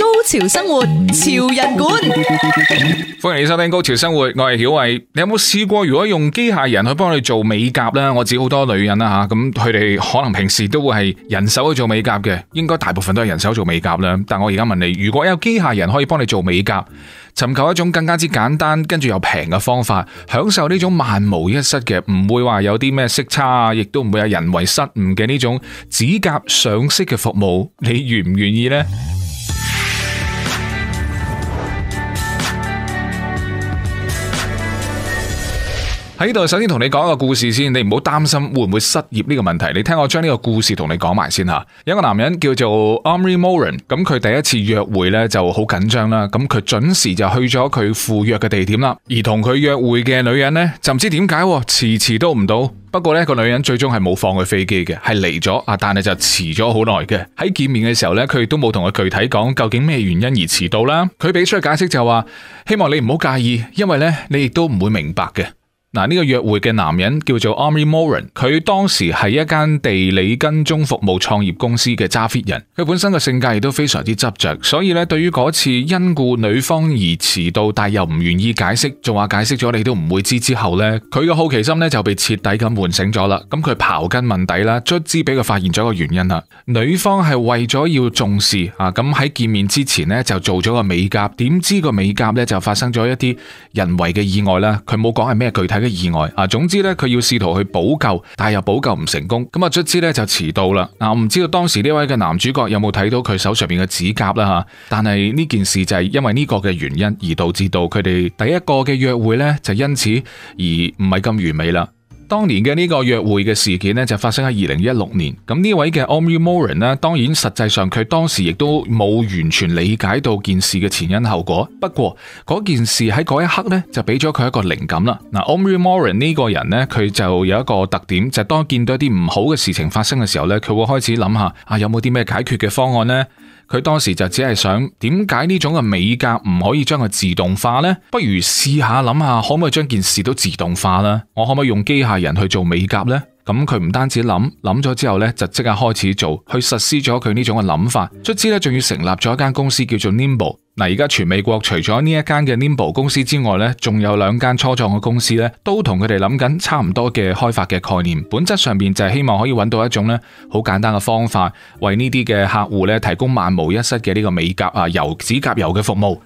高潮生活潮人館， 歡迎你收聽《高潮生活》，我係曉偉。你有冇試過如果用機械人去幫你做美甲呢？我知好多女人啦吓，咁佢哋可能平時都會係人手去做美甲嘅，應該大部分都係人手做美甲啦。但我而家問你，如果有機械人可以幫你做美甲，尋求一種更加之簡單，跟住又平嘅方法，享受呢種萬無一失嘅，唔會話有啲咩色差啊，亦都唔會有人為失誤嘅呢種指甲上色嘅服務，你願唔願意呢？喺度，首先同你講一個故事先，你唔好擔心會唔會失業呢個問題。你聽我將呢個故事同你講埋先吓。有一個男人叫做 Amry Moran，咁佢第一次約會呢就好緊張啦。咁佢準時就去咗佢赴約嘅地點啦。而同佢約會嘅女人呢，就唔知點解，遲遲都唔到。不過呢個女人最終係冇放佢飛機嘅，係嚟咗啊，但係就遲咗好耐嘅。喺見面嘅時候呢，佢亦都冇同佢具體講究竟咩原因而遲到啦。佢俾出嘅解釋就話，希望你唔好介意，因為呢，你亦都唔會明白嘅。嗱，呢個約會嘅男人叫做 Army Moran，佢當時係一間地理跟蹤服務創業公司嘅揸 fit 人，佢本身嘅性格亦都非常之執着，所以咧對於嗰次因故女方而遲到，但又唔願意解釋，仲話解釋咗你都唔會知之後咧，佢嘅好奇心咧就被徹底咁喚醒咗啦，咁佢刨根問底啦，卒之俾佢發現咗一個原因啦，女方係為咗要重視啊，咁喺見面之前呢，就做咗個美甲，點知個美甲咧就發生咗一啲人為嘅意外啦，佢冇講係咩具體。嘅意外啊，總之咧，佢要試圖去補救，但係又補救唔成功，咁啊，卒之咧就遲到啦。我唔知道當時呢位嘅男主角有冇睇到佢手上邊嘅指甲啦吓，但係呢件事就係因為呢個嘅原因而導致到佢哋第一個嘅約會咧就因此而唔係咁完美啦。當年嘅呢個約會嘅事件呢，就發生喺二零一六年。咁呢位嘅 Omri Morin 呢，當然實際上佢當時亦都冇完全理解到件事嘅前因後果。不過嗰件事喺嗰一刻呢，就俾咗佢一個靈感啦。嗱，Omri Morin 呢個人呢，佢就有一個特點，就係當見到一啲唔好嘅事情發生嘅時候呢，佢會開始諗下啊，有冇啲咩解決嘅方案呢？佢當時就只係想，點解呢種嘅美甲唔可以將佢自動化呢？不如試下諗下，可唔可以將件事都自動化呢？我可唔可以用機械人去做美甲呢？咁佢唔單止諗，諗咗之後咧，就即刻開始做，去實施咗佢呢種嘅諗法。卒之咧，仲要成立咗一間公司叫做 Nimble。而家全美國除咗呢一間嘅 Nimble 公司之外咧，仲有兩間初創嘅公司咧，都同佢哋諗緊差唔多嘅開發嘅概念，本質上面就係希望可以揾到一種咧好簡單嘅方法，為呢啲嘅客戶咧提供萬無一失嘅呢個美甲啊油指甲油嘅服務。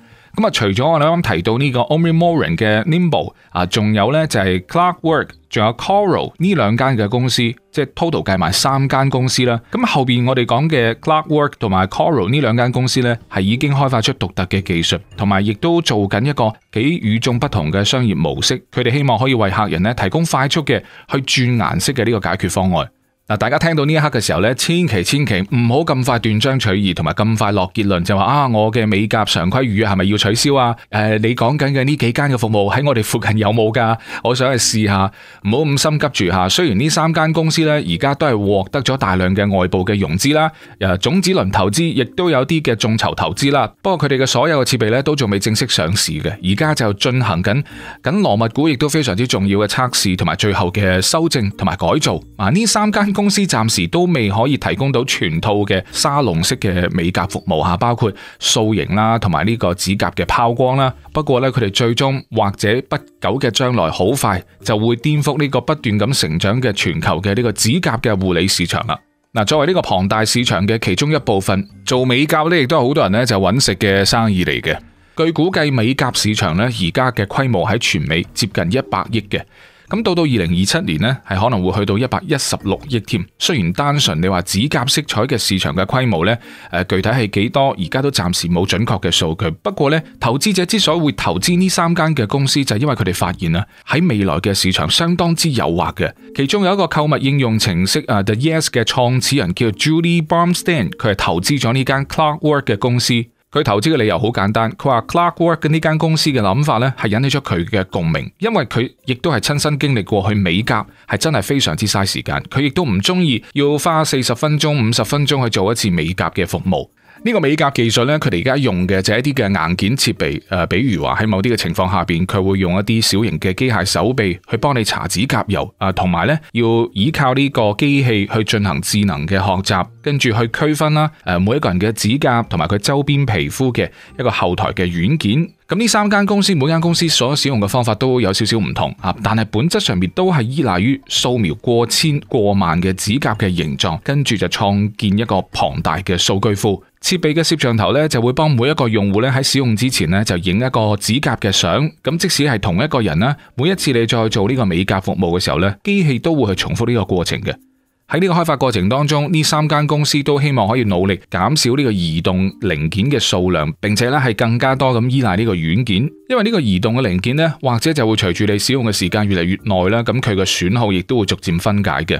除咗我哋啱啱提到呢個 Omimorin 嘅 Nimble 啊，仲有呢就係 Clockwork，仲有 Coral 呢兩間嘅公司，即係 total 計埋三間公司啦。咁後邊我哋講嘅 Clockwork 同埋 Coral 呢兩間公司呢，係已經開發出獨特嘅技術，同埋亦都做緊一個幾與眾不同嘅商業模式。佢哋希望可以為客人呢提供快速嘅去轉顏色嘅呢個解決方案。嗱，大家聽到呢一刻嘅時候咧，千祈千祈唔好咁快斷章取義，同埋咁快落結論，就話啊，我嘅美甲常規預約係咪要取消啊？誒，你講緊嘅呢幾間嘅服務喺我哋附近有冇噶？我想去試下，唔好咁心急住吓。雖然呢三間公司呢，而家都係獲得咗大量嘅外部嘅融資啦，誒，種子輪投資亦都有啲嘅眾籌投資啦。不過佢哋嘅所有嘅設備呢，都仲未正式上市嘅，而家就進行緊緊鑼密鼓，亦都非常之重要嘅測試同埋最後嘅修正同埋改造。嗱、啊，呢三間公司暫時都未可以提供到全套嘅沙龍式嘅美甲服務嚇，包括塑形啦，同埋呢個指甲嘅拋光啦。不過呢，佢哋最終或者不久嘅將來，好快就會顛覆呢個不斷咁成長嘅全球嘅呢個指甲嘅護理市場啦。嗱，作為呢個龐大市場嘅其中一部分，做美甲呢亦都係好多人呢就揾食嘅生意嚟嘅。據估計，美甲市場呢而家嘅規模喺全美接近一百億嘅。咁到到二零二七年呢，係可能會去到一百一十六億添。雖然單純你話指甲色彩嘅市場嘅規模呢，誒，具體係幾多而家都暫時冇準確嘅數據。不過呢，投資者之所以會投資呢三間嘅公司，就係因為佢哋發現啦，喺未來嘅市場相當之誘惑嘅。其中有一個購物應用程式啊，The Yes 嘅創始人叫 Julie Baumstein，佢係投資咗呢間 Clarkwork 嘅公司。佢投資嘅理由好簡單，佢話 Clark Work 嘅呢間公司嘅諗法係引起咗佢嘅共鳴，因為佢亦都係親身經歷過去美甲係真係非常之嘥時間，佢亦都唔鍾意要花四十分鐘、五十分鐘去做一次美甲嘅服務。呢個美甲技術呢，佢哋而家用嘅就係一啲嘅硬件設備，誒、呃，比如話喺某啲嘅情況下邊，佢會用一啲小型嘅機械手臂去幫你搽指甲油，啊、呃，同埋呢要依靠呢個機器去進行智能嘅學習，跟住去區分啦，誒、呃，每一個人嘅指甲同埋佢周邊皮膚嘅一個後台嘅軟件。咁、嗯、呢三間公司，每間公司所使用嘅方法都有少少唔同啊，但係本質上面都係依賴於掃描過千、過萬嘅指甲嘅形狀，跟住就創建一個龐大嘅數據庫。設備嘅攝像頭咧，就會幫每一個用戶咧喺使用之前咧就影一個指甲嘅相。咁即使係同一個人啦，每一次你再做呢個美甲服務嘅時候咧，機器都會去重複呢個過程嘅。喺呢個開發過程當中，呢三間公司都希望可以努力減少呢個移動零件嘅數量，並且咧係更加多咁依賴呢個軟件，因為呢個移動嘅零件呢，或者就會隨住你使用嘅時間越嚟越耐啦，咁佢嘅損耗亦都會逐漸分解嘅。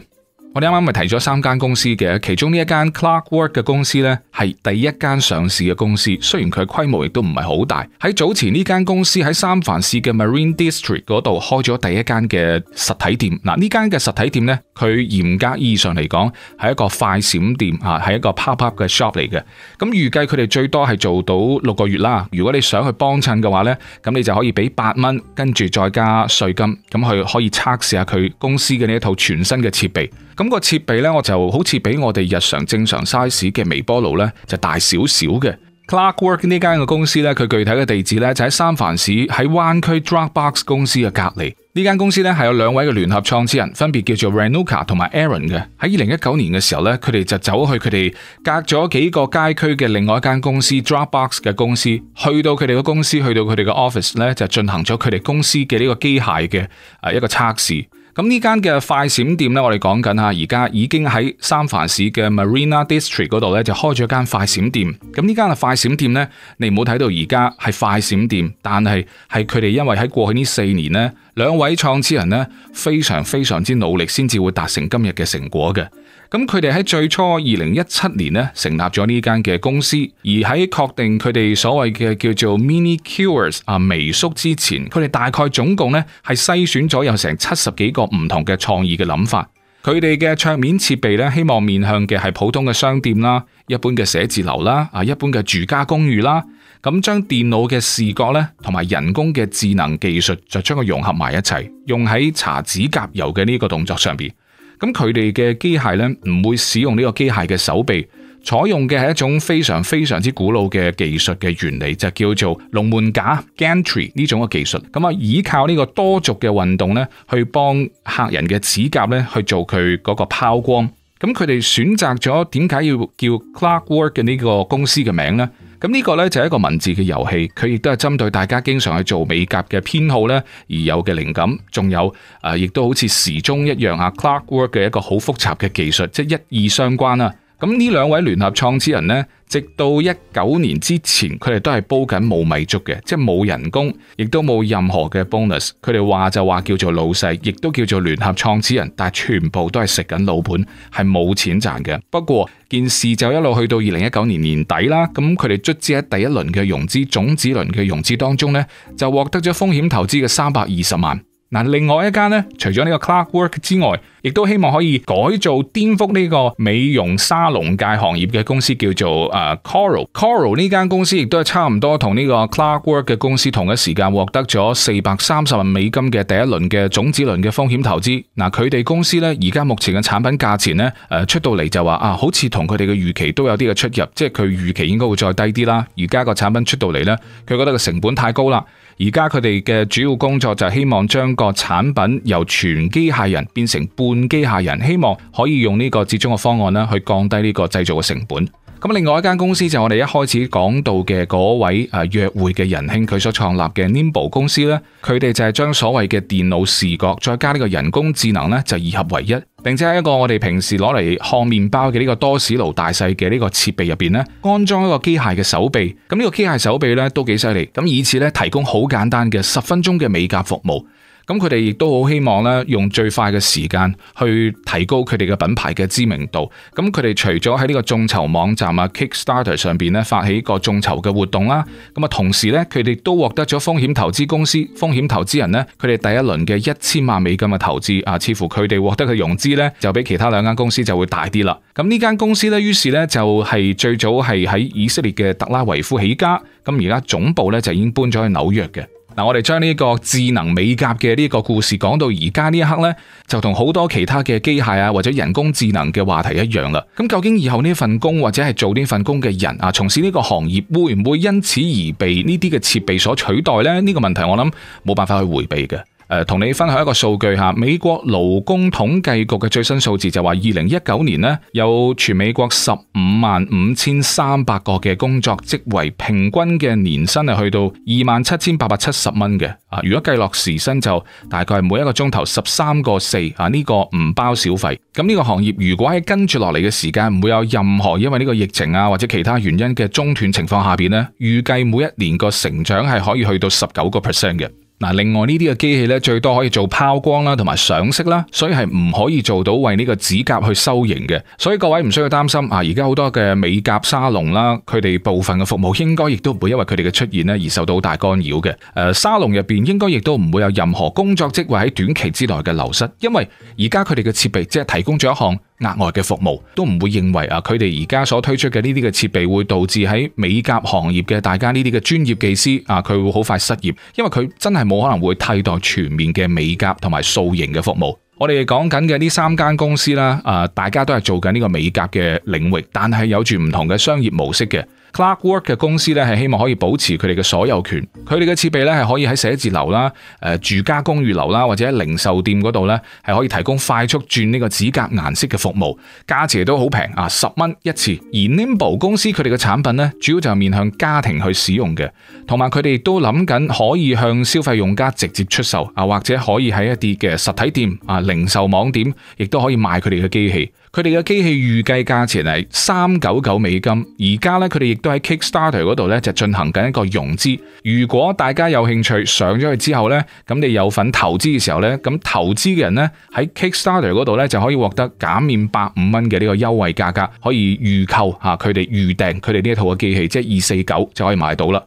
我哋啱啱咪提咗三間公司嘅，其中呢一間 Clockwork 嘅公司呢，係第一間上市嘅公司。雖然佢規模亦都唔係好大，喺早前呢間公司喺三藩市嘅 Marine District 嗰度開咗第一間嘅實體店。嗱、啊，呢間嘅實體店呢，佢嚴格意義上嚟講係一個快閃店啊，係一個 pop-up 嘅 shop 嚟嘅。咁預計佢哋最多係做到六個月啦。如果你想去幫襯嘅話呢，咁你就可以俾八蚊，跟住再加稅金，咁佢可以測試下佢公司嘅呢一套全新嘅設備。咁個設備咧，我就好似比我哋日常正常 size 嘅微波爐咧就大少少嘅。Clockwork 呢間嘅公司咧，佢具體嘅地址咧就喺三藩市，喺灣區 Dropbox 公司嘅隔離。呢間公司咧係有兩位嘅聯合創始人，分別叫做 Renuka 同埋 Aaron 嘅。喺二零一九年嘅時候咧，佢哋就走去佢哋隔咗幾個街區嘅另外一間公司 Dropbox 嘅公司，去到佢哋嘅公司，去到佢哋嘅 office 咧就進行咗佢哋公司嘅呢個機械嘅啊一個測試。咁呢間嘅快閃店呢，我哋講緊啊，而家已經喺三藩市嘅 Marina District 嗰度呢，就開咗間快閃店。咁呢間嘅快閃店呢，你唔好睇到而家係快閃店，但係係佢哋因為喺過去呢四年呢，兩位創始人呢，非常非常之努力，先至會達成今日嘅成果嘅。咁佢哋喺最初二零一七年呢成立咗呢間嘅公司，而喺確定佢哋所謂嘅叫做 Mini Cures 啊微縮之前，佢哋大概總共呢係篩選咗有成七十幾個唔同嘅創意嘅諗法。佢哋嘅桌面設備呢，希望面向嘅係普通嘅商店啦、一般嘅寫字樓啦、啊一般嘅住家公寓啦。咁將電腦嘅視覺呢同埋人工嘅智能技術，就將佢融合埋一齊，用喺搽指甲油嘅呢個動作上邊。咁佢哋嘅機械咧，唔會使用呢個機械嘅手臂，採用嘅係一種非常非常之古老嘅技術嘅原理，就叫做龍門架 （Gantry） 呢種嘅技術。咁啊，依靠呢個多軸嘅運動咧，去幫客人嘅指甲咧去做佢嗰個拋光。咁佢哋選擇咗點解要叫 Clockwork 嘅呢個公司嘅名呢？咁呢個呢，就係一個文字嘅遊戲，佢亦都係針對大家經常去做美甲嘅偏好呢，而有嘅靈感，仲有誒，亦都好似時鐘一樣啊，clockwork 嘅一個好複雜嘅技術，即係一意相關啊。咁呢兩位聯合創始人呢，直到一九年之前，佢哋都係煲緊冇米粥嘅，即係冇人工，亦都冇任何嘅 bonus。佢哋話就話叫做老細，亦都叫做聯合創始人，但係全部都係食緊老本，係冇錢賺嘅。不過件事就一路去到二零一九年年底啦。咁佢哋卒之喺第一輪嘅融資、種子輪嘅融資當中呢，就獲得咗風險投資嘅三百二十萬。嗱，另外一間呢，除咗呢個 Clockwork 之外。亦都希望可以改造顛覆呢個美容沙龍界行業嘅公司，叫做誒 Coral。Coral 呢間公司亦都係差唔多同呢個 Clarkwork 嘅公司同一時間獲得咗四百三十萬美金嘅第一輪嘅種子輪嘅風險投資。嗱，佢哋公司咧，而家目前嘅產品價錢咧，誒出到嚟就話啊，好似同佢哋嘅預期都有啲嘅出入，即係佢預期應該會再低啲啦。而家個產品出到嚟咧，佢覺得個成本太高啦。而家佢哋嘅主要工作就係希望將個產品由全機械人變成半。用機械人，希望可以用呢個折中嘅方案咧，去降低呢個製造嘅成本。咁另外一間公司就是，我哋一開始講到嘅嗰位誒、啊、約會嘅仁兄，佢所創立嘅 Nimble 公司呢，佢哋就係將所謂嘅電腦視覺再加呢個人工智能呢，就二合為一。並且喺一個我哋平時攞嚟烘麵包嘅呢個多士爐大細嘅呢個設備入邊呢，安裝一個機械嘅手臂。咁呢個機械手臂呢，都幾犀利。咁以此呢，提供好簡單嘅十分鐘嘅美甲服務。咁佢哋亦都好希望咧，用最快嘅時間去提高佢哋嘅品牌嘅知名度。咁佢哋除咗喺呢個眾籌網站啊 Kickstarter 上邊咧發起個眾籌嘅活動啦，咁啊同時咧，佢哋都獲得咗風險投資公司、風險投資人呢，佢哋第一輪嘅一千萬美金嘅投資啊，似乎佢哋獲得嘅融資咧就比其他兩間公司就會大啲啦。咁呢間公司咧，於是咧就係最早係喺以色列嘅特拉維夫起家，咁而家總部咧就已經搬咗去紐約嘅。嗱，我哋將呢個智能美甲嘅呢個故事講到而家呢一刻呢，就同好多其他嘅機械啊或者人工智能嘅話題一樣啦。咁究竟以後呢份工或者係做呢份工嘅人啊，從事呢個行業會唔會因此而被呢啲嘅設備所取代呢？呢、呢個問題我諗冇辦法去回避嘅。同你分享一個數據吓，美國勞工統計局嘅最新數字就話，二零一九年咧有全美國十五萬五千三百個嘅工作職位，平均嘅年薪係去到二萬七千八百七十蚊嘅。啊，如果計落時薪就大概係每一個鐘頭十三個四。啊，呢個唔包小費。咁、這、呢個行業如果喺跟住落嚟嘅時間唔會有任何因為呢個疫情啊或者其他原因嘅中斷情況下邊呢，預計每一年個成長係可以去到十九個 percent 嘅。嗱，另外呢啲嘅機器咧，最多可以做拋光啦，同埋上色啦，所以係唔可以做到為呢個指甲去修型嘅。所以各位唔需要擔心啊！而家好多嘅美甲沙龍啦，佢哋部分嘅服務應該亦都唔會因為佢哋嘅出現咧而受到好大干擾嘅。誒、呃，沙龍入邊應該亦都唔會有任何工作職位喺短期之內嘅流失，因為而家佢哋嘅設備只係提供咗一項。額外嘅服務都唔會認為啊，佢哋而家所推出嘅呢啲嘅設備會導致喺美甲行業嘅大家呢啲嘅專業技師啊，佢會好快失業，因為佢真係冇可能會替代全面嘅美甲同埋塑形嘅服務。我哋講緊嘅呢三間公司啦，誒、啊，大家都係做緊呢個美甲嘅領域，但係有住唔同嘅商業模式嘅。Clockwork 嘅公司咧係希望可以保持佢哋嘅所有權，佢哋嘅設備咧係可以喺寫字樓啦、誒住家公寓樓啦或者零售店嗰度咧係可以提供快速轉呢個指甲顏色嘅服務，價錢都好平啊，十蚊一次。而 Nimble 公司佢哋嘅產品咧主要就係面向家庭去使用嘅，同埋佢哋都諗緊可以向消費用家直接出售啊，或者可以喺一啲嘅實體店啊、零售網點亦都可以賣佢哋嘅機器。佢哋嘅機器預計價錢係三九九美金，而家呢，佢哋亦都喺 Kickstarter 嗰度呢，就進行緊一個融資。如果大家有興趣上咗去之後呢，咁你有份投資嘅時候呢，咁投資嘅人呢，喺 Kickstarter 嗰度呢，就可以獲得減免百五蚊嘅呢個優惠價格，可以預購嚇佢哋預訂佢哋呢一套嘅機器，即係二四九就可以買到啦。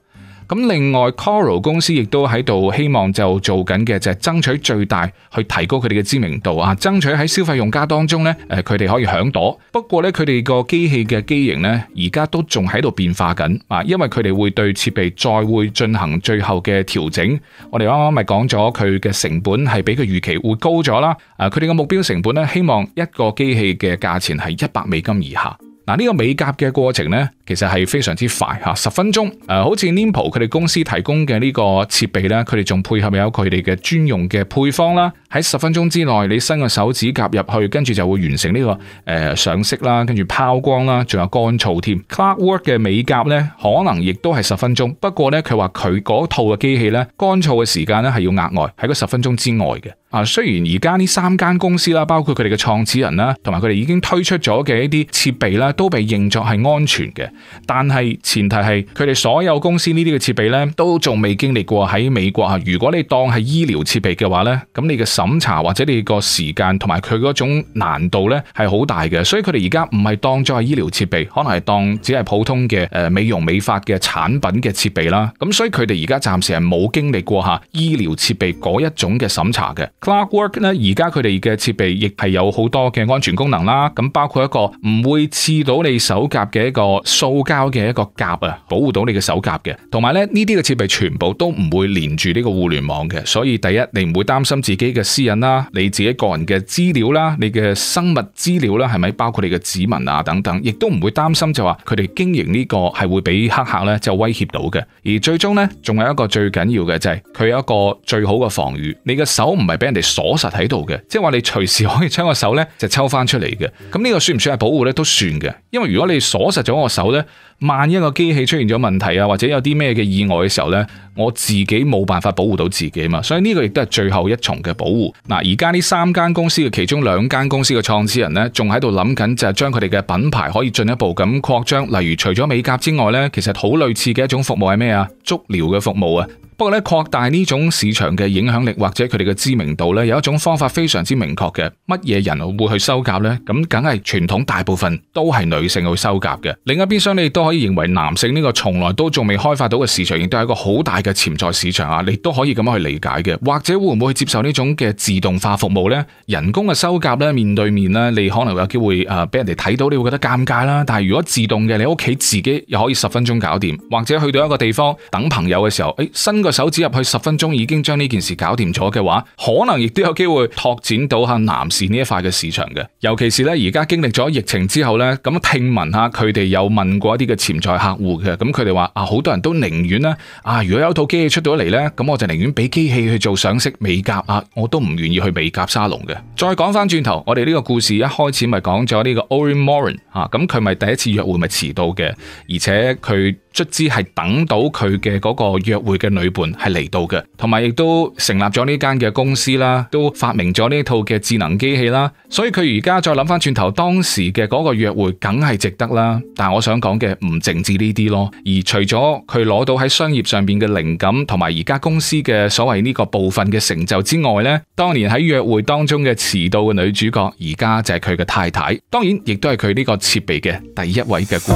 咁另外，Coro 公司亦都喺度希望就做緊嘅就係爭取最大去提高佢哋嘅知名度啊，爭取喺消費用家當中呢，誒佢哋可以響朵。不過呢，佢哋個機器嘅機型呢，而家都仲喺度變化緊啊，因為佢哋會對設備再會進行最後嘅調整。我哋啱啱咪講咗佢嘅成本係比佢預期會高咗啦。誒、啊，佢哋嘅目標成本呢，希望一個機器嘅價錢係一百美金以下。嗱呢個美甲嘅過程呢，其實係非常之快嚇，十分鐘。誒、呃，好似 Nipol 佢哋公司提供嘅呢個設備呢，佢哋仲配合有佢哋嘅專用嘅配方啦。喺十分鐘之內，你伸個手指甲入去，跟住就會完成呢、這個、呃、上色啦，跟住拋光啦，仲有乾燥添。Clark Work 嘅美甲呢，可能亦都係十分鐘，不過呢，佢話佢嗰套嘅機器呢，乾燥嘅時間呢係要額外喺個十分鐘之外嘅。啊，雖然而家呢三間公司啦，包括佢哋嘅創始人啦，同埋佢哋已經推出咗嘅一啲設備啦，都被認作係安全嘅，但係前提係佢哋所有公司呢啲嘅設備呢，都仲未經歷過喺美國吓。如果你當係醫療設備嘅話呢，咁你嘅審查或者你個時間同埋佢嗰種難度呢，係好大嘅，所以佢哋而家唔係當咗係醫療設備，可能係當只係普通嘅誒美容美髮嘅產品嘅設備啦。咁所以佢哋而家暫時係冇經歷過吓醫療設備嗰一種嘅審查嘅。Clockwork 咧，而家佢哋嘅設備亦係有好多嘅安全功能啦。咁包括一個唔會刺到你手甲嘅一個塑膠嘅一個夾啊，保護到你嘅手甲嘅。同埋咧，呢啲嘅設備全部都唔會連住呢個互聯網嘅。所以第一，你唔會擔心自己嘅私隱啦，你自己個人嘅資料啦，你嘅生物資料啦，係咪包括你嘅指紋啊等等，亦都唔會擔心就話佢哋經營呢個係會俾黑客咧就威脅到嘅。而最終呢，仲有一個最緊要嘅就係，佢有一個最好嘅防禦，你嘅手唔係俾。人哋鎖實喺度嘅，即係話你隨時可以將個手咧，就抽翻出嚟嘅。咁呢個算唔算係保護咧？都算嘅，因為如果你鎖實咗個手咧。萬一個機器出現咗問題啊，或者有啲咩嘅意外嘅時候呢，我自己冇辦法保護到自己嘛，所以呢個亦都係最後一重嘅保護。嗱，而家呢三間公司嘅其中兩間公司嘅創始人呢，仲喺度諗緊就係將佢哋嘅品牌可以進一步咁擴張，例如除咗美甲之外呢，其實好類似嘅一種服務係咩啊？足療嘅服務啊。不過呢，擴大呢種市場嘅影響力或者佢哋嘅知名度呢，有一種方法非常之明確嘅，乜嘢人會去修甲呢？咁梗係傳統大部分都係女性去修甲嘅。另一邊廂你多。可以認為男性呢個從來都仲未開發到嘅市場，亦都係一個好大嘅潛在市場啊！你都可以咁樣去理解嘅，或者會唔會去接受呢種嘅自動化服務呢？人工嘅收夾呢，面對面呢，你可能有機會誒俾人哋睇到，你會覺得尷尬啦。但係如果自動嘅，你屋企自己又可以十分鐘搞掂，或者去到一個地方等朋友嘅時候，誒、哎、伸個手指入去十分鐘已經將呢件事搞掂咗嘅話，可能亦都有機會拓展到下男士呢一塊嘅市場嘅。尤其是呢，而家經歷咗疫情之後呢，咁聽聞下佢哋有問過一啲嘅。潛在客戶嘅，咁，佢哋話啊，好多人都寧願呢。啊，如果有套機器出到嚟呢，咁我就寧願俾機器去做上色美甲啊，我都唔願意去美甲沙龍嘅。再講翻轉頭，我哋呢個故事一開始咪講咗呢個 Orian Moran 吓，啊，咁佢咪第一次約會咪遲到嘅，而且佢。卒之，係等到佢嘅嗰個約會嘅女伴係嚟到嘅，同埋亦都成立咗呢間嘅公司啦，都發明咗呢套嘅智能機器啦。所以佢而家再諗翻轉頭，當時嘅嗰個約會梗係值得啦。但係我想講嘅唔淨止呢啲咯，而除咗佢攞到喺商業上邊嘅靈感，同埋而家公司嘅所謂呢個部分嘅成就之外，呢當年喺約會當中嘅遲到嘅女主角，而家就係佢嘅太太，當然亦都係佢呢個設備嘅第一位嘅顧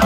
客。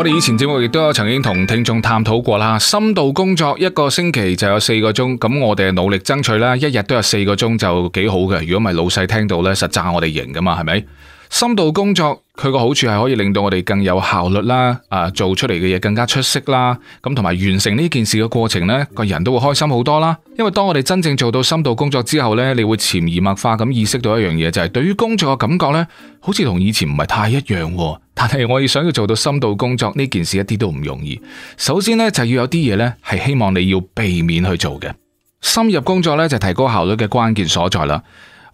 我哋以前節目亦都有曾經同聽眾探討過啦，深度工作一個星期就有四個鐘，咁我哋努力爭取啦，一日都有四個鐘就幾好嘅。如果唔係老細聽到呢，實讚我哋型噶嘛，係咪？深度工作佢個好處係可以令到我哋更有效率啦，啊，做出嚟嘅嘢更加出色啦，咁同埋完成呢件事嘅過程呢，個人都會開心好多啦。因為當我哋真正做到深度工作之後呢，你會潛移默化咁意識到一樣嘢就係，對於工作嘅感覺呢，好似同以前唔係太一樣。但係我哋想要做到深度工作呢件事一啲都唔容易。首先呢，就要有啲嘢呢係希望你要避免去做嘅，深入工作呢，就提高效率嘅關鍵所在啦。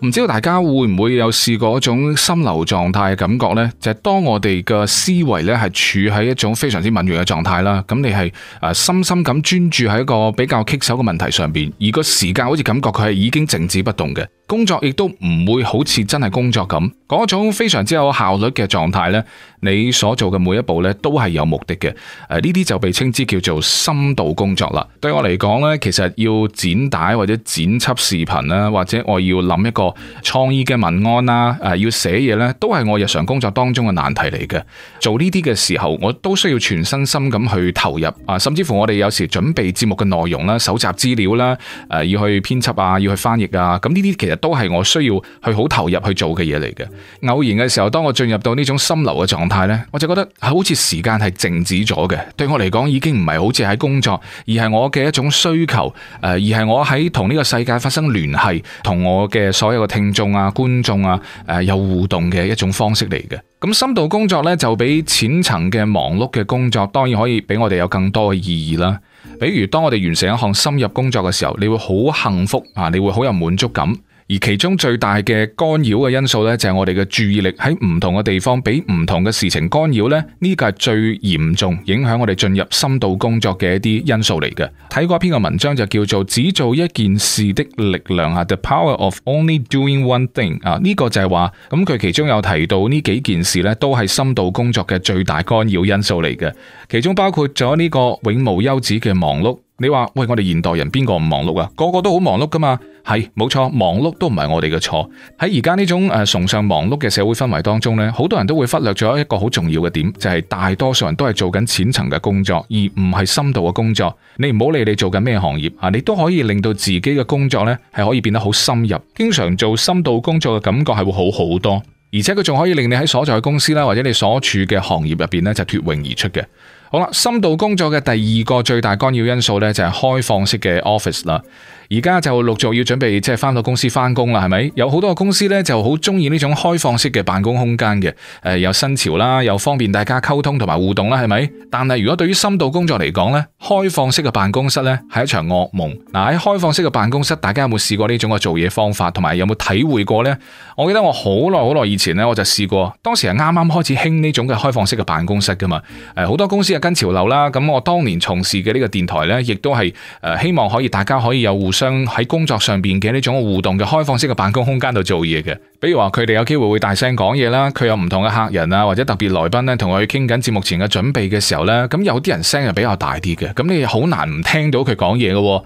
唔知道大家會唔會有試過一種心流狀態嘅感覺呢？就係、是、當我哋嘅思維呢係處喺一種非常之敏銳嘅狀態啦。咁你係誒深深咁專注喺一個比較棘手嘅問題上邊，而個時間好似感覺佢係已經靜止不動嘅。工作亦都唔會好似真係工作咁，嗰種非常之有效率嘅狀態呢，你所做嘅每一步呢，都係有目的嘅。誒呢啲就被稱之叫做深度工作啦。對我嚟講呢，其實要剪帶或者剪輯視頻啦，或者我要諗一個創意嘅文案啦，誒要寫嘢呢，都係我日常工作當中嘅難題嚟嘅。做呢啲嘅時候，我都需要全身心咁去投入啊，甚至乎我哋有時準備節目嘅內容啦、搜集資料啦、誒要去編輯啊、要去翻譯啊，咁呢啲其實。都係我需要去好投入去做嘅嘢嚟嘅。偶然嘅時候，當我進入到呢種心流嘅狀態呢，我就覺得好似時間係靜止咗嘅。對我嚟講，已經唔係好似喺工作，而係我嘅一種需求誒、呃，而係我喺同呢個世界發生聯繫，同我嘅所有嘅聽眾啊、觀眾啊誒、呃，有互動嘅一種方式嚟嘅。咁、嗯、深度工作呢，就比淺層嘅忙碌嘅工作，當然可以俾我哋有更多嘅意義啦。比如當我哋完成一項深入工作嘅時候，你會好幸福啊，你會好有滿足感。而其中最大嘅干擾嘅因素呢，就係我哋嘅注意力喺唔同嘅地方，俾唔同嘅事情干擾咧。呢個係最嚴重影響我哋進入深度工作嘅一啲因素嚟嘅。睇過一篇嘅文章就叫做《只做一件事的力量》啊，《The Power of Only Doing One Thing》啊。呢個就係話，咁佢其中有提到呢幾件事呢，都係深度工作嘅最大干擾因素嚟嘅。其中包括咗呢個永無休止嘅忙碌。你話喂，我哋現代人邊個唔忙碌啊？個個都好忙碌噶嘛。係，冇錯，忙碌都唔係我哋嘅錯。喺而家呢種誒崇尚忙碌嘅社會氛圍當中咧，好多人都會忽略咗一個好重要嘅點，就係大多數人都係做緊淺層嘅工作，而唔係深度嘅工作。你唔好理你做緊咩行業啊，你都可以令到自己嘅工作咧係可以變得好深入，經常做深度工作嘅感覺係會好好多，而且佢仲可以令你喺所在嘅公司啦，或者你所處嘅行業入邊呢，就脫穎而出嘅。好啦，深度工作嘅第二個最大干擾因素咧，就係、是、開放式嘅 office 啦。而家就陸續要準備即係返到公司返工啦，係咪？有好多嘅公司咧就好中意呢種開放式嘅辦公空間嘅，誒、呃，有新潮啦，又方便大家溝通同埋互動啦，係咪？但係如果對於深度工作嚟講咧，開放式嘅辦公室咧係一場噩夢。嗱、呃，喺開放式嘅辦公室，大家有冇試過呢種嘅做嘢方法，同埋有冇體會過咧？我記得我好耐好耐以前咧，我就試過，當時係啱啱開始興呢種嘅開放式嘅辦公室噶嘛，誒、呃，好多公司。跟潮流啦，咁我當年從事嘅呢個電台呢，亦都係誒，希望可以大家可以有互相喺工作上邊嘅呢種互動嘅開放式嘅辦公空間度做嘢嘅。比如話佢哋有機會會大聲講嘢啦，佢有唔同嘅客人啊，或者特別來賓呢，同佢去傾緊節目前嘅準備嘅時候呢。咁有啲人聲係比較大啲嘅，咁你好難唔聽到佢講嘢嘅喎。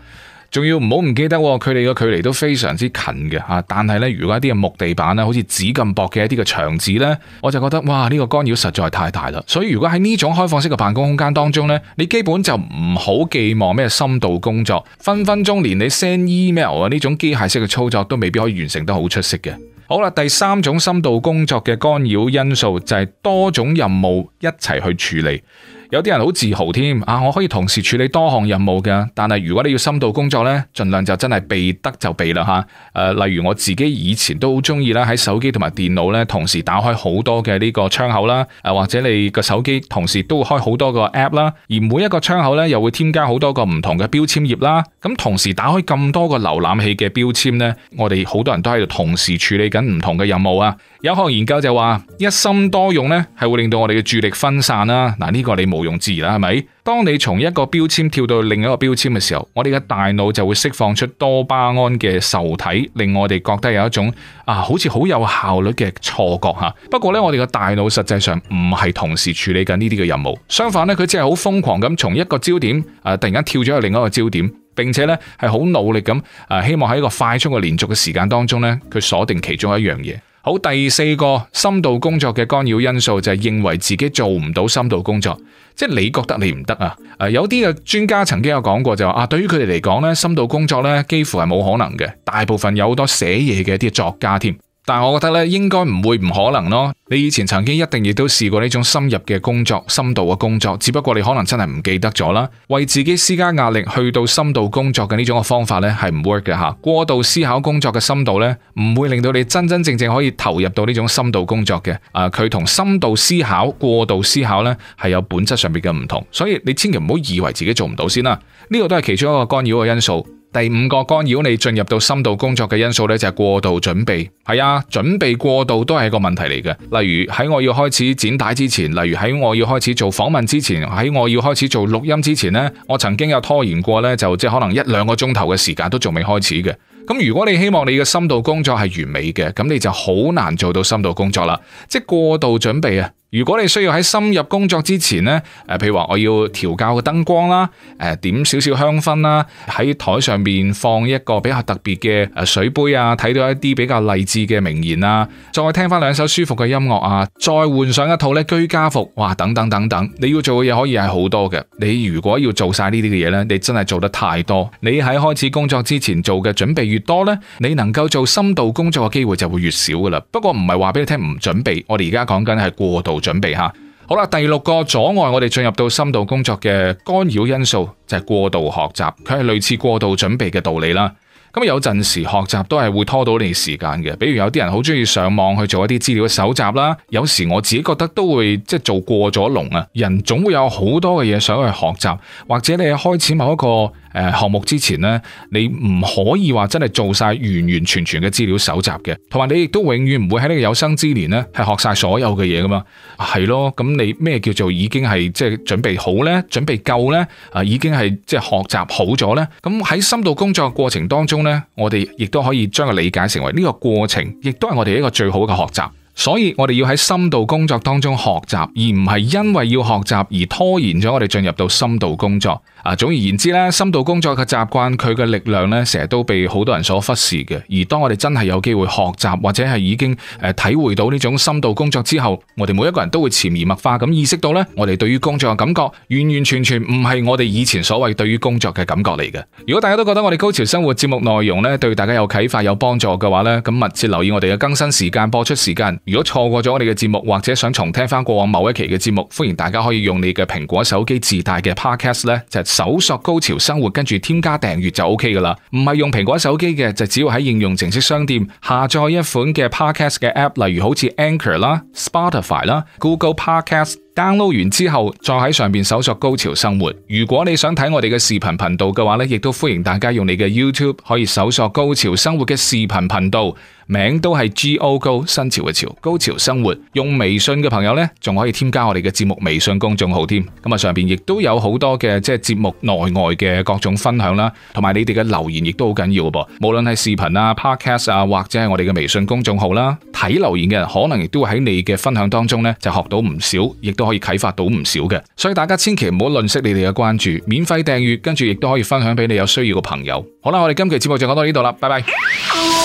仲要唔好唔記得，佢哋嘅距離都非常之近嘅嚇。但係呢，如果一啲嘅木地板呢，好似紙咁薄嘅一啲嘅牆紙呢，我就覺得哇，呢個干擾實在太大啦。所以如果喺呢種開放式嘅辦公空間當中呢，你基本就唔好寄望咩深度工作，分分鐘連你 send email 啊呢種機械式嘅操作都未必可以完成得好出色嘅。好啦，第三種深度工作嘅干擾因素就係多種任務一齊去處理。有啲人好自豪添啊！我可以同時處理多項任務㗎，但係如果你要深度工作呢，盡量就真係避得就避啦嚇。誒、啊，例如我自己以前都好中意啦，喺手機同埋電腦呢，同時打開好多嘅呢個窗口啦，誒、啊、或者你個手機同時都會開好多個 App 啦，而每一個窗口呢，又會添加好多個唔同嘅標籤頁啦。咁、啊、同時打開咁多個瀏覽器嘅標籤呢，我哋好多人都喺度同時處理緊唔同嘅任務啊！有一項研究就話一心多用呢係會令到我哋嘅注意力分散啦。嗱、啊，呢、呢個你毋庸置疑啦，係咪？當你從一個標籤跳到另一個標籤嘅時候，我哋嘅大腦就會釋放出多巴胺嘅受體，令我哋覺得有一種啊好似好有效率嘅錯覺吓。不過呢，我哋嘅大腦實際上唔係同時處理緊呢啲嘅任務，相反呢，佢只係好瘋狂咁從一個焦點誒、啊、突然間跳咗去另一個焦點，並且呢係好努力咁誒、啊、希望喺一個快速嘅連續嘅時間當中呢，佢鎖定其中一樣嘢。好，第四個深度工作嘅干擾因素就係認為自己做唔到深度工作，即係你覺得你唔得啊。誒，有啲嘅專家曾經有講過就話、是、啊，對於佢哋嚟講咧，深度工作咧幾乎係冇可能嘅，大部分有好多寫嘢嘅啲作家添。但我覺得咧，應該唔會唔可能咯。你以前曾經一定亦都試過呢種深入嘅工作，深度嘅工作，只不過你可能真係唔記得咗啦。為自己施加壓力去到深度工作嘅呢種嘅方法呢，係唔 work 嘅吓。過度思考工作嘅深度呢，唔會令到你真真正正可以投入到呢種深度工作嘅。誒、啊，佢同深度思考、過度思考呢，係有本質上面嘅唔同。所以你千祈唔好以為自己做唔到先啦。呢個都係其中一個干擾嘅因素。第五個干擾你進入到深度工作嘅因素呢，就係過度準備，係啊，準備過度都係一個問題嚟嘅。例如喺我要開始剪帶之前，例如喺我要開始做訪問之前，喺我要開始做錄音之前呢，我曾經有拖延過呢，就即係可能一兩個鐘頭嘅時間都仲未開始嘅。咁如果你希望你嘅深度工作係完美嘅，咁你就好難做到深度工作啦，即係過度準備啊！如果你需要喺深入工作之前呢，誒，譬如話我要調校個燈光啦，誒，點少少香薰啦，喺台上面放一個比較特別嘅誒水杯啊，睇到一啲比較勵志嘅名言啊，再聽翻兩首舒服嘅音樂啊，再換上一套咧居家服，哇，等等等等，你要做嘅嘢可以係好多嘅。你如果要做晒呢啲嘅嘢咧，你真係做得太多。你喺開始工作之前做嘅準備越多咧，你能夠做深度工作嘅機會就會越少噶啦。不過唔係話俾你聽唔準備，我哋而家講緊係過度。準備吓，好啦，第六個阻礙我哋進入到深度工作嘅干擾因素就係、是、過度學習，佢係類似過度準備嘅道理啦。咁有陣時學習都係會拖到你時間嘅，比如有啲人好中意上網去做一啲資料搜集啦，有時我自己覺得都會即係、就是、做過咗籠啊。人總會有好多嘅嘢想去學習，或者你開始某一個。誒，項目之前呢，你唔可以話真係做晒完完全全嘅資料搜集嘅，同埋你亦都永遠唔會喺呢個有生之年呢係學晒所有嘅嘢噶嘛，係咯。咁你咩叫做已經係即係準備好呢？準備夠呢？啊，已經係即係學習好咗呢？咁喺深度工作嘅過程當中呢，我哋亦都可以將個理解成為呢個過程，亦都係我哋一個最好嘅學習。所以我哋要喺深度工作當中學習，而唔係因為要學習而拖延咗我哋進入到深度工作。啊，總而言之咧，深度工作嘅習慣佢嘅力量咧，成日都被好多人所忽視嘅。而當我哋真係有機會學習，或者係已經誒體會到呢種深度工作之後，我哋每一個人都會潛移默化咁意識到咧，我哋對於工作嘅感覺，完完全全唔係我哋以前所謂對於工作嘅感覺嚟嘅。如果大家都覺得我哋高潮生活節目內容咧，對大家有啟發、有幫助嘅話咧，咁密切留意我哋嘅更新時間、播出時間。如果錯過咗我哋嘅節目，或者想重聽返過往某一期嘅節目，歡迎大家可以用你嘅蘋果手機自帶嘅 Podcast 咧、就是搜索高潮生活，跟住添加訂閱就 OK 噶啦。唔係用蘋果手機嘅，就只要喺應用程式商店下載一款嘅 Podcast 嘅 App，例如好似 Anchor 啦、Spotify 啦、Google Podcast。download 完之後，再喺上邊搜索高潮生活。如果你想睇我哋嘅視頻頻道嘅話呢，亦都歡迎大家用你嘅 YouTube 可以搜索高潮生活嘅視頻頻道，名都係 G O Go 高新潮嘅潮，高潮生活。用微信嘅朋友呢，仲可以添加我哋嘅節目微信公眾號添。咁啊，上邊亦都有好多嘅即係節目內外嘅各種分享啦，同埋你哋嘅留言亦都好緊要嘅噃。無論係視頻啊、podcast 啊，或者係我哋嘅微信公眾號啦，睇留言嘅人可能亦都會喺你嘅分享當中呢就學到唔少，亦。都可以啟發到唔少嘅，所以大家千祈唔好吝嗇你哋嘅關注、免費訂閱，跟住亦都可以分享俾你有需要嘅朋友。好啦，我哋今期節目就講到呢度啦，拜拜。